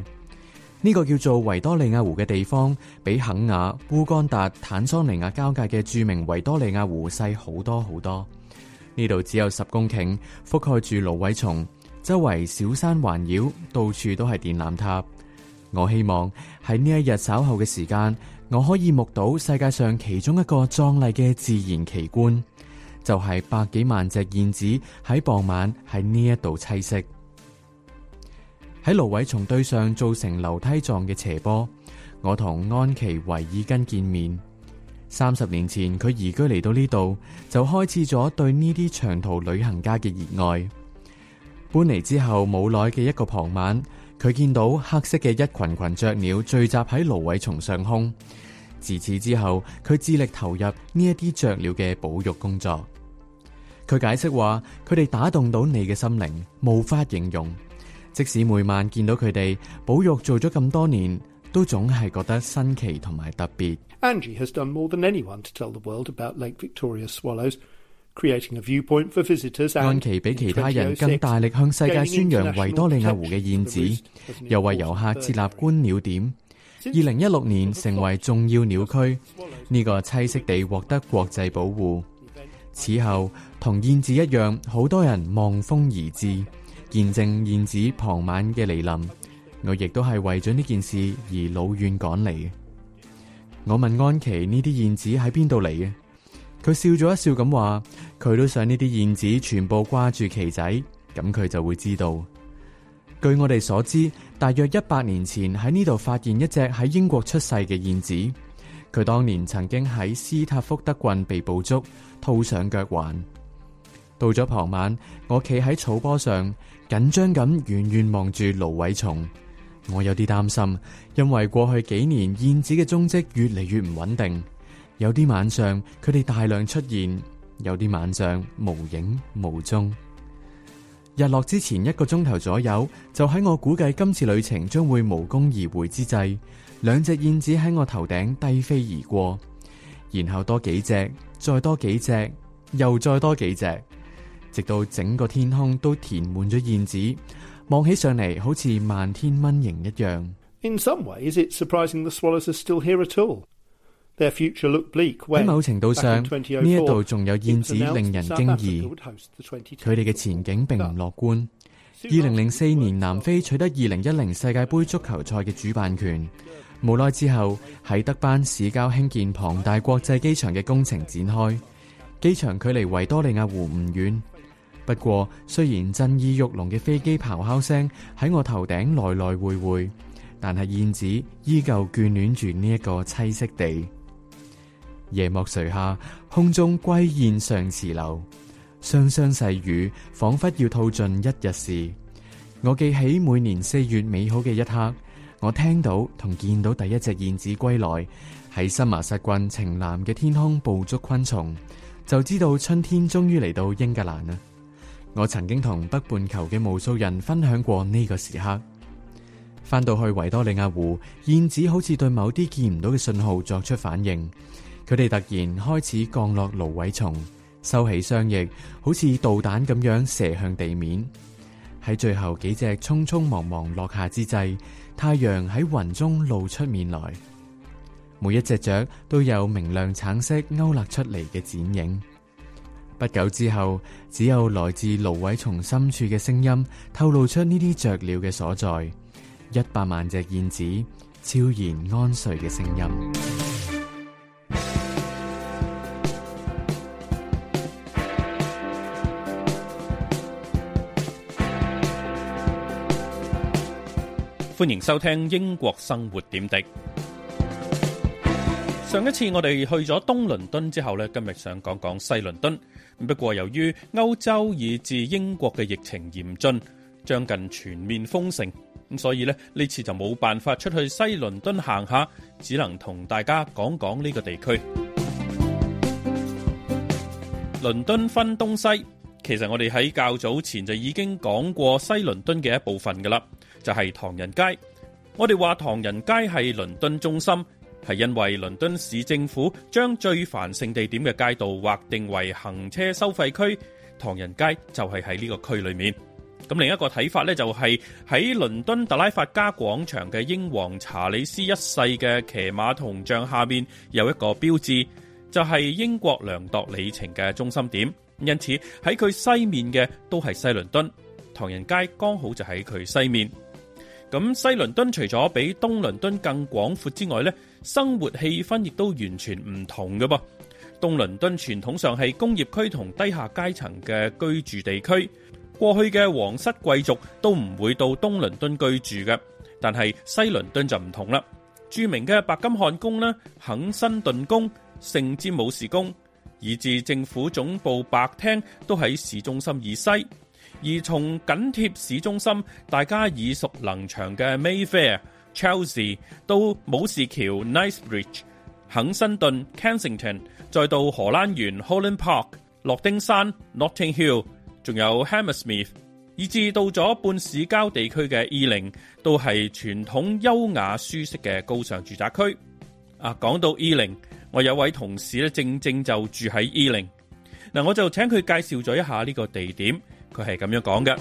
呢個叫做維多利亞湖嘅地方，比肯雅、烏干達、坦桑尼亞交界嘅著名維多利亞湖細好多好多。呢度只有十公頃，覆蓋住蘆葦叢，周圍小山環繞，到處都係電纜塔。我希望喺呢一日稍後嘅時間，我可以目睹世界上其中一個壯麗嘅自然奇觀，就係百幾萬隻燕子喺傍晚喺呢一度棲息，喺蘆葦叢堆上造成樓梯狀嘅斜坡。我同安琪維爾根見面，三十年前佢移居嚟到呢度，就開始咗對呢啲長途旅行家嘅熱愛。搬嚟之後冇耐嘅一個傍晚。佢見到黑色嘅一群群雀鳥聚集喺蘆葦叢上空。自此之後，佢致力投入呢一啲雀鳥嘅保育工作。佢解釋話：佢哋打動到你嘅心靈，無法形容。即使每晚見到佢哋保育做咗咁多年，都總係覺得新奇同埋特別。安琪比其他人更大力向世界宣揚維多利亞湖嘅燕子，又為遊客設立觀鳥點。二零一六年成為重要鳥區，呢、這個棲息地獲得國際保護。此後，同燕子一樣，好多人望風而至，見證燕子傍晚嘅來臨。我亦都係為咗呢件事而老遠趕嚟。我問安琪：呢啲燕子喺邊度嚟嘅？佢笑咗一笑咁話：佢都想呢啲燕子全部掛住旗仔，咁佢就會知道。據我哋所知，大約一百年前喺呢度發現一隻喺英國出世嘅燕子，佢當年曾經喺斯塔福德郡被捕捉，套上腳環。到咗傍晚，我企喺草坡上，緊張咁遠遠望住蘆葦叢，我有啲擔心，因為過去幾年燕子嘅蹤迹越嚟越唔穩定。有啲晚上佢哋大量出現，有啲晚上無影無蹤。日落之前一個鐘頭左右，就喺我估計今次旅程將會無功而回之際，兩隻燕子喺我頭頂低飛而過，然後多幾隻，再多幾隻，又再多幾隻，直到整個天空都填滿咗燕子，望起上嚟好似漫天蚊蠅一樣。In some ways, it's surprising the swallows are still here at all. 喺某程度上，呢一度仲有燕子令人驚異。佢哋嘅前景並唔樂觀。二零零四年南非取得二零一零世界杯足球賽嘅主辦權，無奈之後，喺德班市郊興建龐大國際機場嘅工程展開，機場距離維多利亞湖唔遠。不過，雖然震耳欲聾嘅飛機咆哮聲喺我頭頂來來回回，但係燕子依舊眷戀住呢一個棲息地。夜幕垂下，空中歸燕尚遲留，瀟瀟細雨仿佛要吐盡一日事。我記起每年四月美好嘅一刻，我聽到同見到第一隻燕子歸來，喺新麻薩郡晴藍嘅天空捕捉昆蟲，就知道春天終於嚟到英格蘭啦。我曾經同北半球嘅無數人分享過呢個時刻。翻到去維多利亞湖，燕子好似對某啲見唔到嘅信號作出反應。佢哋突然開始降落蘆葦叢，收起雙翼，好似導彈咁樣射向地面。喺最後幾隻匆匆忙忙落下之際，太陽喺雲中露出面來。每一隻雀都有明亮橙色勾勒出嚟嘅剪影。不久之後，只有來自蘆葦叢深處嘅聲音透露出呢啲雀鳥嘅所在。一百萬隻燕子悄然安睡嘅聲音。歡迎收聽《英國生活點滴》。上一次我哋去咗東倫敦之後呢，今日想講講西倫敦。不過由於歐洲以至英國嘅疫情嚴峻，將近全面封城，咁所以呢呢次就冇辦法出去西倫敦行下，只能同大家講講呢個地區。倫敦分東西，其實我哋喺較早前就已經講過西倫敦嘅一部分噶啦。就係唐人街。我哋話唐人街係倫敦中心，係因為倫敦市政府將最繁盛地點嘅街道劃定為行車收費區。唐人街就係喺呢個區裏面。咁另一個睇法呢，就係喺倫敦特拉法加廣場嘅英皇查理斯一世嘅騎馬銅像下面有一個標誌，就係英國量度里程嘅中心點。因此喺佢西面嘅都係西倫敦，唐人街剛好就喺佢西面。咁西倫敦除咗比東倫敦更廣闊之外咧，生活氣氛亦都完全唔同嘅噃。東倫敦傳統上係工業區同低下階層嘅居住地區，過去嘅皇室貴族都唔會到東倫敦居住嘅，但係西倫敦就唔同啦。著名嘅白金漢宮啦、肯辛頓宮、聖詹姆士宮，以至政府總部白廳，都喺市中心以西。而從緊貼市中心，大家耳熟能詳嘅 Mayfair、Chelsea 到武士橋 Knightsbridge、肯辛頓 Kensington，再到荷蘭園 Holland Park、諾丁山 Notting Hill，仲有 Hammersmith，以至到咗半市郊地區嘅伊靈，0, 都係傳統優雅、舒適嘅高尚住宅區。啊，講到伊靈，0, 我有位同事咧，正正就住喺伊靈嗱，0, 我就請佢介紹咗一下呢個地點。佢係咁樣講嘅。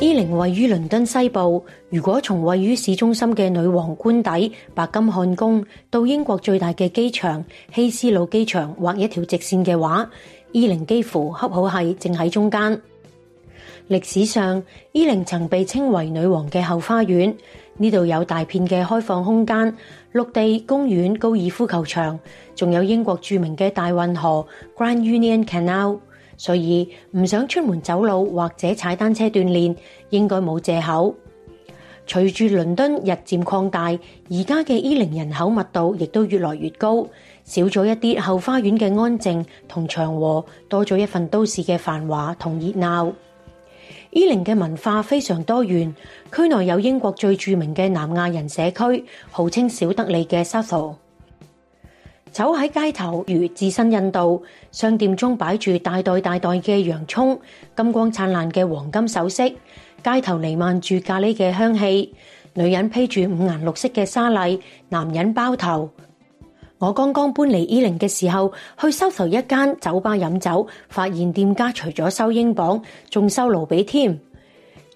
伊靈、e、位於倫敦西部。如果從位於市中心嘅女王官邸白金漢宮到英國最大嘅機場希斯路機場畫一條直線嘅話，伊、e、靈幾乎恰好係正喺中間。歷史上，伊、e、靈曾被稱為女王嘅後花園。呢度有大片嘅開放空間、綠地公園、高爾夫球場，仲有英國著名嘅大運河 Grand Union Canal。所以唔想出門走路或者踩單車鍛煉，應該冇藉口。隨住倫敦日漸擴大，而家嘅伊靈人口密度亦都越來越高，少咗一啲後花園嘅安靜同祥和，多咗一份都市嘅繁華同熱鬧。伊靈嘅文化非常多元，區內有英國最著名嘅南亞人社區，號稱小德里嘅沙索。走喺街頭如置身印度，商店中擺住大袋大袋嘅洋葱，金光燦爛嘅黃金首飾，街頭彌漫住咖喱嘅香氣，女人披住五顏六色嘅紗麗，男人包頭。我剛剛搬嚟伊寧嘅時候，去收頭一間酒吧飲酒，發現店家除咗收英鎊，仲收盧比添。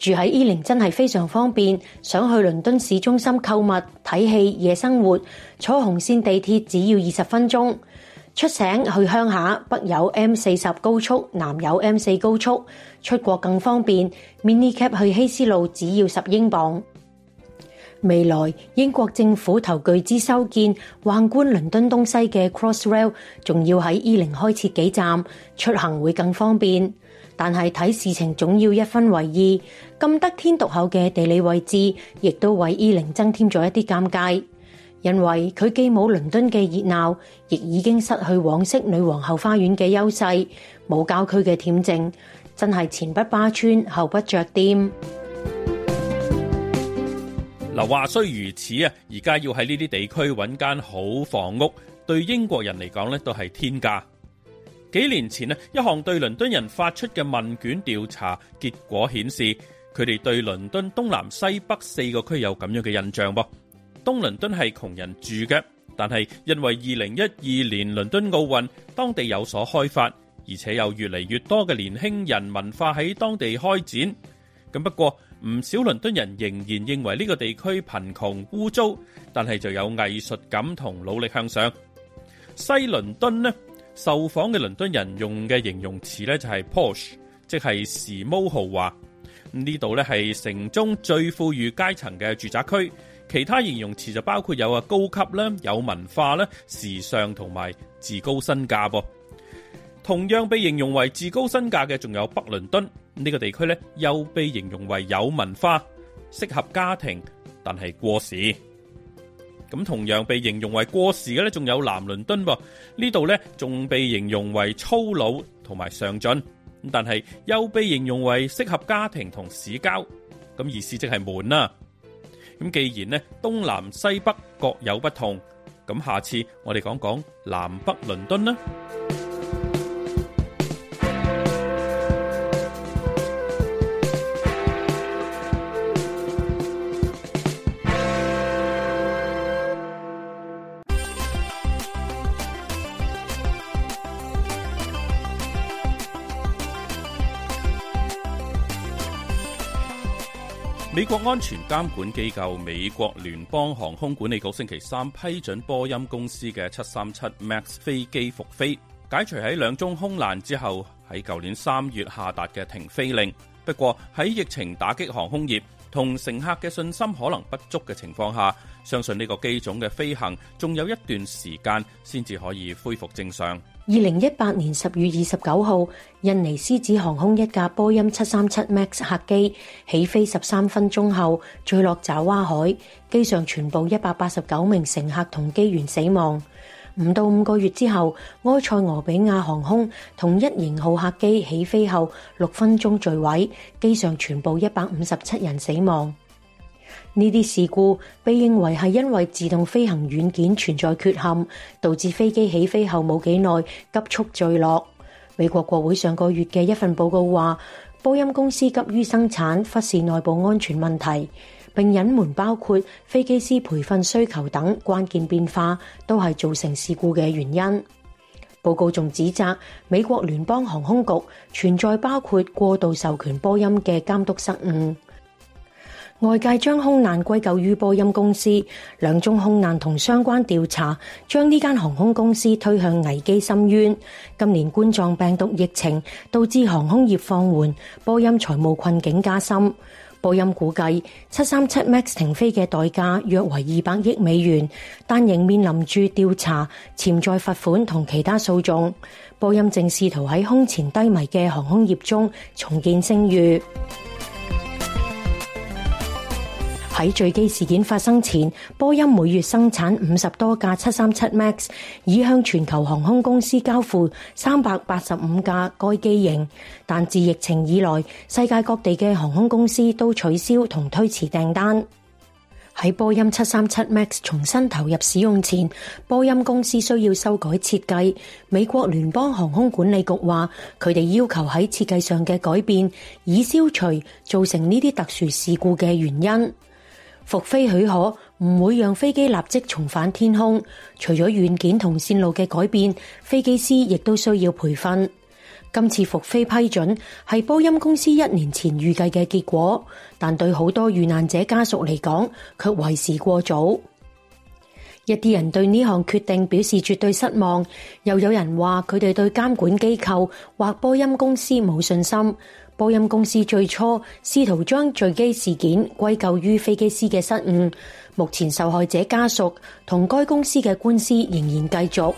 住喺伊靈真係非常方便，想去倫敦市中心購物、睇戲、夜生活，坐紅線地鐵只要二十分鐘。出城去鄉下，北有 M 四十高速，南有 M 四高速，出國更方便。Mini Cab 去希斯路只要十英鎊。未來英國政府投巨資修建橫貫倫敦東西嘅 Crossrail，仲要喺伊靈開設幾站，出行會更方便。但係睇事情總要一分為二，咁得天獨厚嘅地理位置，亦都為伊靈增添咗一啲尷尬。因為佢既冇倫敦嘅熱鬧，亦已經失去往昔女皇後花園嘅優勢，冇郊區嘅恬靜，真係前不巴村，後不着店。嗱，話雖如此啊，而家要喺呢啲地區揾間好房屋，對英國人嚟講咧，都係天價。幾年前咧，一項對倫敦人發出嘅問卷調查結果顯示，佢哋對倫敦東南西北四個區有咁樣嘅印象噃。東倫敦係窮人住嘅，但係因為二零一二年倫敦奧運當地有所開發，而且有越嚟越多嘅年輕人文化喺當地開展。咁不過唔少倫敦人仍然認為呢個地區貧窮污糟，但係就有藝術感同努力向上。西倫敦呢。受訪嘅倫敦人用嘅形容詞呢，就係 posh，即係時髦豪華。呢度呢，係城中最富裕階層嘅住宅區。其他形容詞就包括有啊高級啦、有文化啦、時尚同埋至高身價噃。同樣被形容為至高身價嘅，仲有北倫敦呢個地區呢，又被形容為有文化、適合家庭，但係過時。咁同樣被形容為過時嘅咧，仲有南倫敦噃，呢度咧仲被形容為粗魯同埋上進，咁但係又被形容為適合家庭同市郊，咁意思即係悶啦。咁既然咧東南西北各有不同，咁下次我哋講講南北倫敦啦。美國安全監管機構美國聯邦航空管理局星期三批准波音公司嘅七三七 MAX 飛機復飛，解除喺兩宗空難之後喺舊年三月下達嘅停飛令。不過，喺疫情打擊航空業同乘客嘅信心可能不足嘅情況下，相信呢個機種嘅飛行仲有一段時間先至可以恢復正常。二零一八年十月二十九號，印尼獅子航空一架波音七三七 MAX 客機起飛十三分鐘後墜落爪哇海，機上全部一百八十九名乘客同機員死亡。唔到五個月之後，埃塞俄比亞航空同一型號客機起飛後六分鐘墜毀，機上全部一百五十七人死亡。呢啲事故被認為係因為自動飛行軟件存在缺陷，導致飛機起飛後冇幾耐急速墜落。美國國會上個月嘅一份報告話，波音公司急於生產，忽視內部安全問題，並隱瞞包括飛機師培訓需求等關鍵變化，都係造成事故嘅原因。報告仲指責美國聯邦航空局存在包括過度授權波音嘅監督失誤。外界將空難歸咎於波音公司，兩宗空難同相關調查將呢間航空公司推向危機深淵。今年冠狀病毒疫情導致航空業放緩，波音財務困境加深。波音估計七三七 MAX 停飛嘅代價約為二百億美元，但仍面臨住調查、潛在罰款同其他訴訟。波音正試圖喺空前低迷嘅航空業中重建聲譽。喺墜機事件發生前，波音每月生產五十多架七三七 MAX，已向全球航空公司交付三百八十五架該機型。但自疫情以來，世界各地嘅航空公司都取消同推遲訂單。喺波音七三七 MAX 重新投入使用前，波音公司需要修改設計。美國聯邦航空管理局話，佢哋要求喺設計上嘅改變，以消除造成呢啲特殊事故嘅原因。復飛許可唔會讓飛機立即重返天空，除咗軟件同線路嘅改變，飛機師亦都需要培訓。今次復飛批准係波音公司一年前預計嘅結果，但對好多遇難者家屬嚟講，卻為時過早。一啲人對呢項決定表示絕對失望，又有人話佢哋對監管機構或波音公司冇信心。波音公司最初試圖將墜機事件歸咎於飛機師嘅失誤，目前受害者家屬同該公司嘅官司仍然繼續。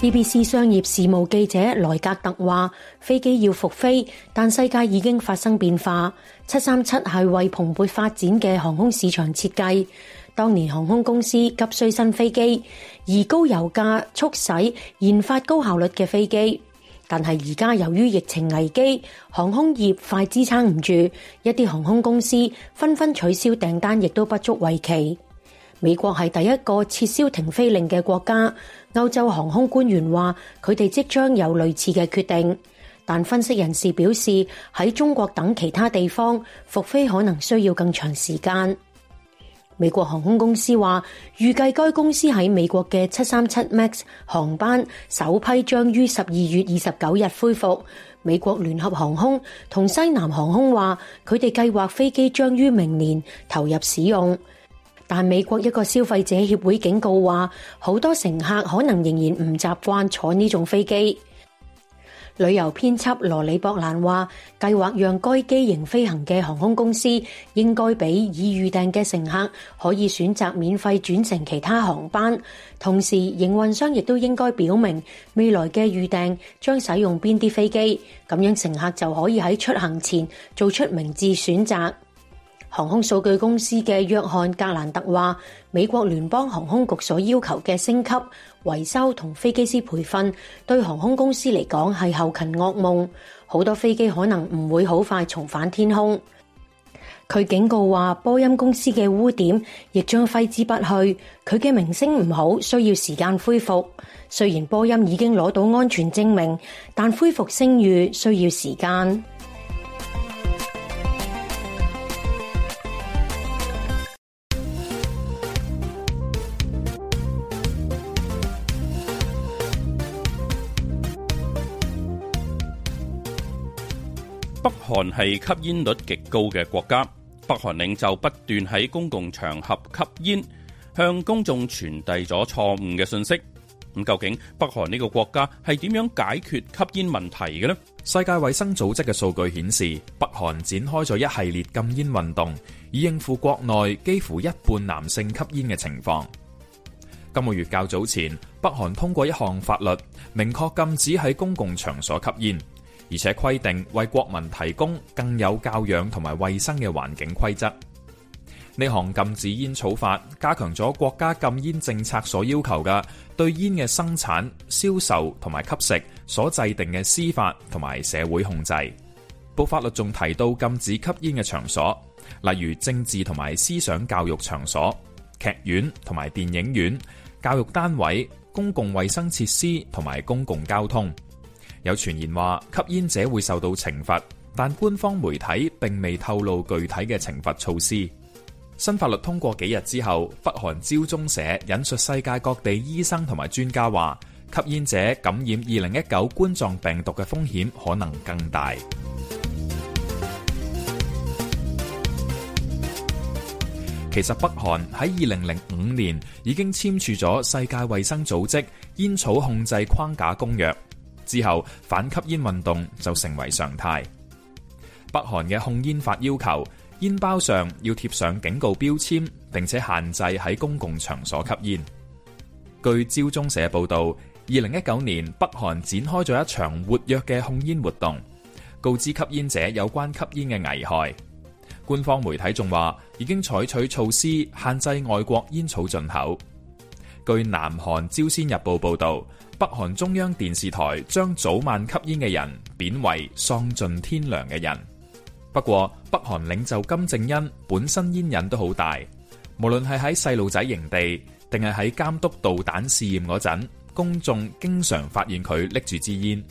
BBC 商業事務記者萊格特話：飛機要復飛，但世界已經發生變化。七三七係為蓬勃發展嘅航空市場設計，當年航空公司急需新飛機。而高油價促使研發高效率嘅飛機，但係而家由於疫情危機航空業快支撐唔住，一啲航空公司紛紛取消訂單亦都不足為奇。美國係第一個撤銷停飛令嘅國家，歐洲航空官員話，佢哋即將有類似嘅決定，但分析人士表示喺中國等其他地方復飛可能需要更長時間。美國航空公司話，預計該公司喺美國嘅七三七 MAX 航班首批將於十二月二十九日恢復。美國聯合航空同西南航空話，佢哋計劃飛機將於明年投入使用。但美國一個消費者協會警告話，好多乘客可能仍然唔習慣坐呢種飛機。旅遊編輯羅里博蘭話：計劃讓該機型飛行嘅航空公司應該俾已預訂嘅乘客可以選擇免費轉乘其他航班。同時，營運商亦都應該表明未來嘅預訂將使用邊啲飛機，咁樣乘客就可以喺出行前做出明智選擇。航空數據公司嘅約翰格蘭特話：美國聯邦航空局所要求嘅升級。維修同飛機師培訓對航空公司嚟講係後勤噩夢，好多飛機可能唔會好快重返天空。佢警告話波音公司嘅污點亦將揮之不去，佢嘅名聲唔好，需要時間恢復。雖然波音已經攞到安全證明，但恢復聲譽需要時間。北韓係吸煙率極高嘅國家，北韓領袖不斷喺公共場合吸煙，向公眾傳遞咗錯誤嘅信息。咁究竟北韓呢個國家係點樣解決吸煙問題嘅呢？世界衛生組織嘅數據顯示，北韓展開咗一系列禁煙運動，以應付國內幾乎一半男性吸煙嘅情況。今個月較早前，北韓通過一項法律，明確禁止喺公共場所吸煙。而且規定為國民提供更有教養同埋衛生嘅環境規則。呢項禁止煙草法加強咗國家禁煙政策所要求嘅對煙嘅生產、銷售同埋吸食所制定嘅司法同埋社會控制。部法律仲提到禁止吸煙嘅場所，例如政治同埋思想教育場所、劇院同埋電影院、教育單位、公共衛生設施同埋公共交通。有傳言話吸煙者會受到懲罰，但官方媒體並未透露具體嘅懲罰措施。新法律通過幾日之後，北韓朝中社引述世界各地醫生同埋專家話，吸煙者感染二零一九冠狀病毒嘅風險可能更大。其實北韓喺二零零五年已經簽署咗世界衛生組織煙草控制框架公約。之後，反吸煙運動就成為常態。北韓嘅控煙法要求煙包上要貼上警告標籤，並且限制喺公共場所吸煙。據朝中社報導，二零一九年北韓展開咗一場活躍嘅控煙活動，告知吸煙者有關吸煙嘅危害。官方媒體仲話已經採取措施限制外國煙草進口。據南韓朝鮮日報報導。北韓中央電視台將早晚吸煙嘅人貶為喪盡天良嘅人。不過，北韓領袖金正恩本身煙癮都好大，無論係喺細路仔營地，定係喺監督導彈試驗嗰陣，公眾經常發現佢拎住支煙。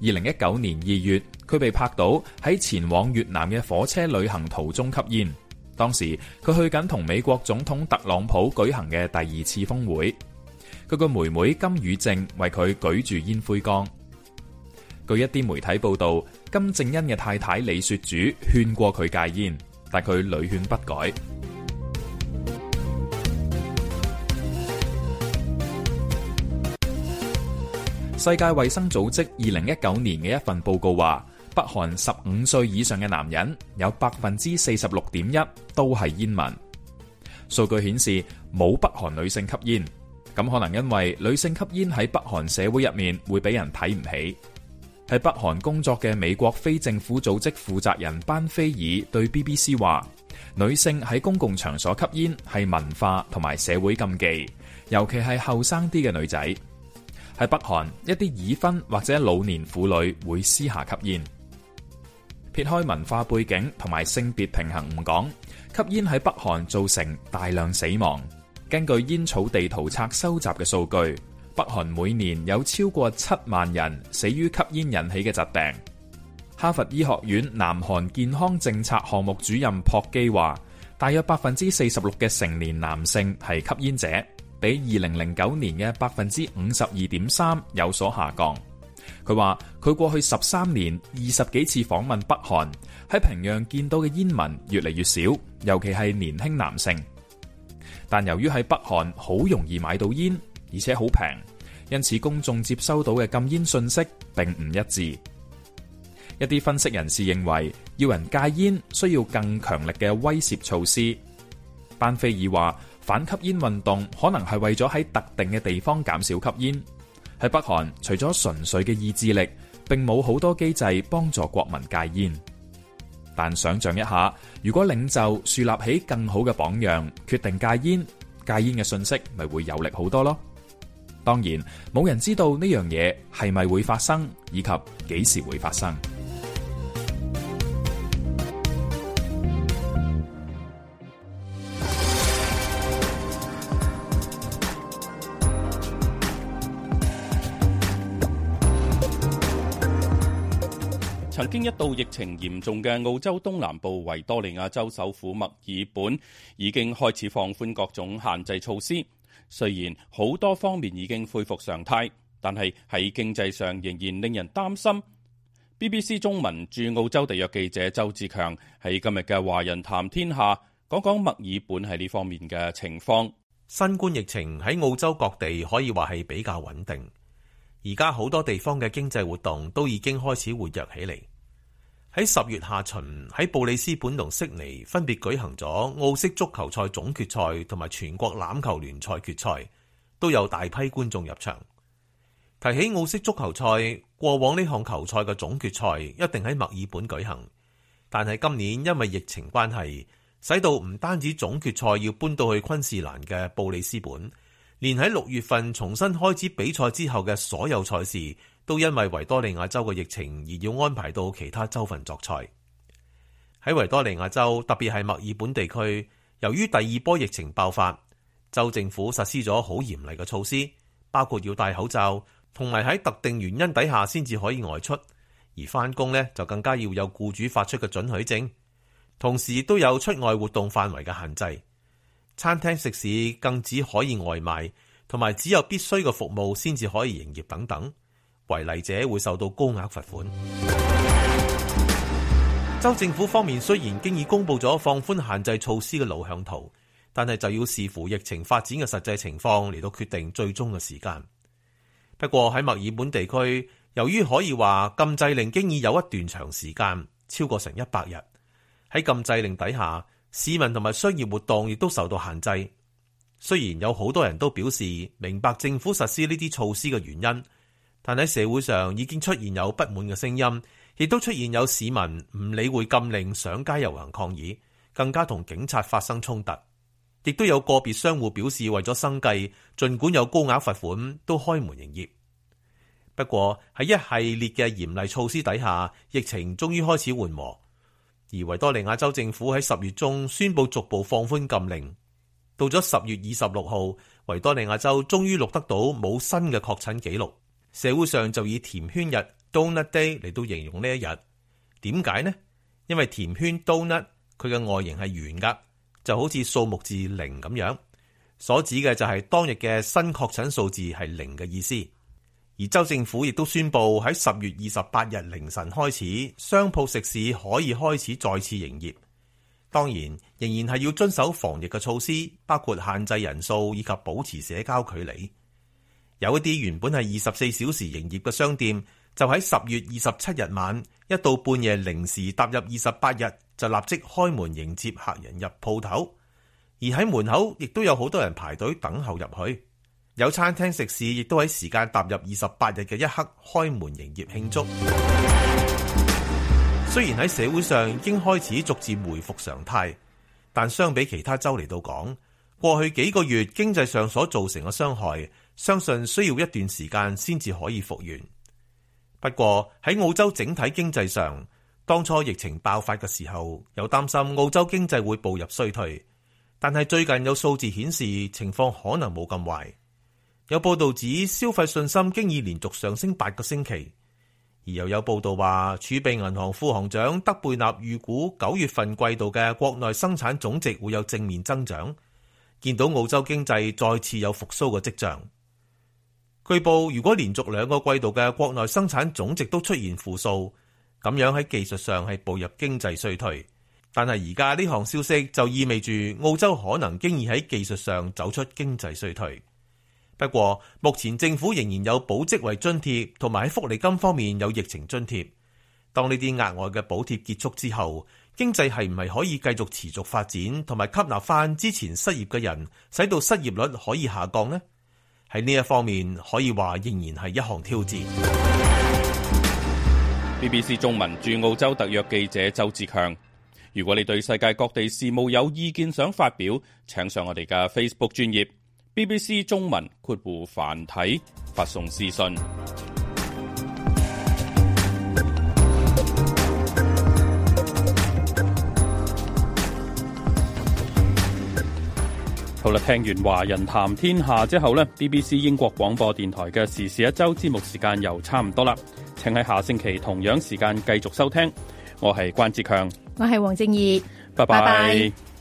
二零一九年二月，佢被拍到喺前往越南嘅火車旅行途中吸煙。當時佢去緊同美國總統特朗普舉行嘅第二次峰會。佢個妹妹金與正為佢舉住煙灰缸。據一啲媒體報道，金正恩嘅太太李雪主勸過佢戒煙，但佢屢勸不改。 世界衛生組織二零一九年嘅一份報告話，北韓十五歲以上嘅男人有百分之四十六點一都係煙民。數據顯示，冇北韓女性吸煙。咁可能因為女性吸煙喺北韓社會入面會俾人睇唔起。喺北韓工作嘅美國非政府組織負責人班菲爾對 BBC 話：女性喺公共場所吸煙係文化同埋社會禁忌，尤其係後生啲嘅女仔。喺北韓，一啲已婚或者老年婦女會私下吸煙。撇開文化背景同埋性別平衡唔講，吸煙喺北韓造成大量死亡。根據煙草地圖冊收集嘅數據，北韓每年有超過七萬人死於吸煙引起嘅疾病。哈佛醫學院南韓健康政策項目主任朴基話，大約百分之四十六嘅成年男性係吸煙者，比二零零九年嘅百分之五十二點三有所下降。佢話佢過去十三年二十幾次訪問北韓，喺平壤見到嘅煙民越嚟越少，尤其係年輕男性。但由於喺北韓好容易買到煙，而且好平，因此公眾接收到嘅禁煙信息並唔一致。一啲分析人士認為，要人戒煙需要更強力嘅威懾措施。班菲爾話，反吸煙運動可能係為咗喺特定嘅地方減少吸煙。喺北韓，除咗純粹嘅意志力，並冇好多機制幫助國民戒煙。但想象一下，如果領袖樹立起更好嘅榜樣，決定戒煙，戒煙嘅信息咪會有力好多咯。當然，冇人知道呢樣嘢係咪會發生，以及幾時會發生。經一度疫情嚴重嘅澳洲東南部維多利亞州首府墨爾本已經開始放寬各種限制措施。雖然好多方面已經恢復常態，但係喺經濟上仍然令人擔心。BBC 中文駐澳洲地約記者周志強喺今日嘅《華人談天下》講講墨爾本喺呢方面嘅情況。新冠疫情喺澳洲各地可以話係比較穩定，而家好多地方嘅經濟活動都已經開始活躍起嚟。喺十月下旬，喺布里斯本同悉尼分別舉行咗澳式足球賽總決賽同埋全國欖球聯賽決賽，都有大批觀眾入場。提起澳式足球賽，過往呢項球賽嘅總決賽一定喺墨爾本舉行，但係今年因為疫情關係，使到唔單止總決賽要搬到去昆士蘭嘅布里斯本，連喺六月份重新開始比賽之後嘅所有賽事，都因為維多利亞州嘅疫情而要安排到其他州份作賽。喺維多利亞州，特別係墨爾本地區，由於第二波疫情爆發，州政府實施咗好嚴厲嘅措施，包括要戴口罩，同埋喺特定原因底下先至可以外出。而翻工呢，就更加要有僱主發出嘅准許證，同時亦都有出外活動範圍嘅限制。餐廳食肆更只可以外賣，同埋只有必須嘅服務先至可以營業，等等。違例者會受到高額罰款。州政府方面雖然經已公布咗放寬限制措施嘅路向圖，但係就要視乎疫情發展嘅實際情況嚟到決定最終嘅時間。不過喺墨爾本地區，由於可以話禁制令經已有一段長時間，超過成一百日喺禁制令底下，市民同埋商業活動亦都受到限制。雖然有好多人都表示明白政府實施呢啲措施嘅原因。但喺社會上已經出現有不滿嘅聲音，亦都出現有市民唔理會禁令上街遊行抗議，更加同警察發生衝突。亦都有個別商戶表示為咗生計，盡管有高額罰款，都開門營業。不過喺一系列嘅嚴厲措施底下，疫情終於開始緩和。而維多利亞州政府喺十月中宣布逐步放寬禁令，到咗十月二十六號，維多利亞州終於錄得到冇新嘅確診記錄。社會上就以甜圈日 Donut Day 嚟到形容呢一日，點解呢？因為甜圈 Donut 佢嘅外形係圓嘅，就好似數目字零咁樣，所指嘅就係當日嘅新確診數字係零嘅意思。而州政府亦都宣布喺十月二十八日凌晨開始，商鋪食肆可以開始再次營業，當然仍然係要遵守防疫嘅措施，包括限制人數以及保持社交距離。有一啲原本係二十四小時營業嘅商店，就喺十月二十七日晚一到半夜零時踏入二十八日，就立即開門迎接客人入鋪頭，而喺門口亦都有好多人排隊等候入去。有餐廳食肆亦都喺時間踏入二十八日嘅一刻開門營業慶祝。雖然喺社會上已經開始逐漸回復常態，但相比其他州嚟到講，過去幾個月經濟上所造成嘅傷害。相信需要一段時間先至可以復原。不過喺澳洲整體經濟上，當初疫情爆發嘅時候，又擔心澳洲經濟會步入衰退。但係最近有數字顯示情況可能冇咁壞。有報道指消費信心經已連續上升八個星期，而又有報道話儲備銀行副行長德貝納預估九月份季度嘅國內生產總值會有正面增長，見到澳洲經濟再次有復甦嘅跡象。據報，如果連續兩個季度嘅國內生產總值都出現負數，咁樣喺技術上係步入經濟衰退。但係而家呢項消息就意味住澳洲可能經已喺技術上走出經濟衰退。不過目前政府仍然有保職為津貼，同埋喺福利金方面有疫情津貼。當呢啲額外嘅補貼結束之後，經濟係唔係可以繼續持續發展，同埋吸納翻之前失業嘅人，使到失業率可以下降呢？喺呢一方面，可以話仍然係一項挑戰。BBC 中文駐澳洲特約記者周志強，如果你對世界各地事務有意見想發表，請上我哋嘅 Facebook 專頁。BBC 中文括弧繁體發送私信。好啦，聽完華人談天下之後呢，BBC 英國廣播電台嘅時事一周節目時間又差唔多啦，請喺下星期同樣時間繼續收聽，我係關志強，我係黃正儀，拜拜。拜拜。